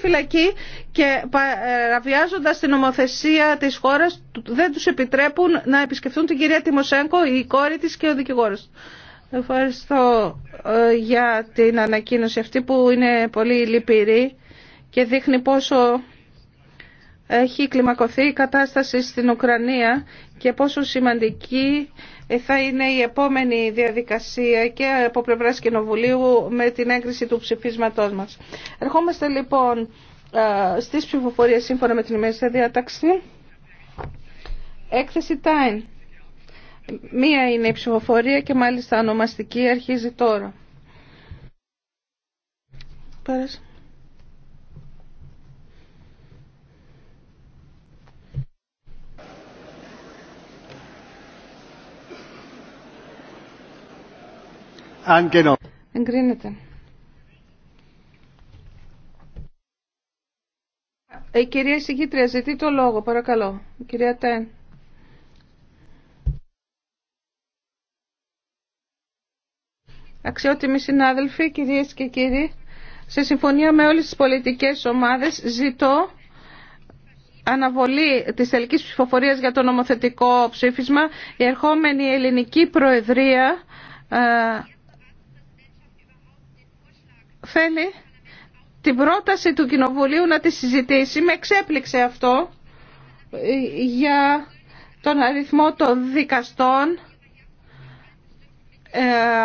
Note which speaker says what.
Speaker 1: φυλακή και παραβιάζοντας την νομοθεσία της χώρας δεν τους επιτρέπουν να επισκεφθούν την κυρία Τιμοσέγκο, η κόρη της και ο δικηγόρος. Ευχαριστώ ε, για την ανακοίνωση αυτή που είναι πολύ λυπηρή και δείχνει πόσο έχει κλιμακωθεί η κατάσταση στην Ουκρανία και πόσο σημαντική θα είναι η επόμενη διαδικασία και από πλευράς Κοινοβουλίου με την έγκριση του ψηφίσματός μας. Ερχόμαστε λοιπόν στις ψηφοφορίες σύμφωνα με την ημέρα διάταξη. Έκθεση Τάιν. Μία είναι η ψηφοφορία και μάλιστα ονομαστική αρχίζει τώρα. Εγκρίνεται. Η κυρία Συγήτρια ζητεί το λόγο, παρακαλώ. Η κυρία Τέν. Αξιότιμοι συνάδελφοι, κυρίες και κύριοι, σε συμφωνία με όλες τις πολιτικές ομάδες ζητώ αναβολή της τελικής ψηφοφορίας για το νομοθετικό ψήφισμα. Η ερχόμενη ελληνική προεδρία ε, θέλει την πρόταση του Κοινοβουλίου να τη συζητήσει. Με εξέπληξε αυτό ε, για τον αριθμό των δικαστών ε,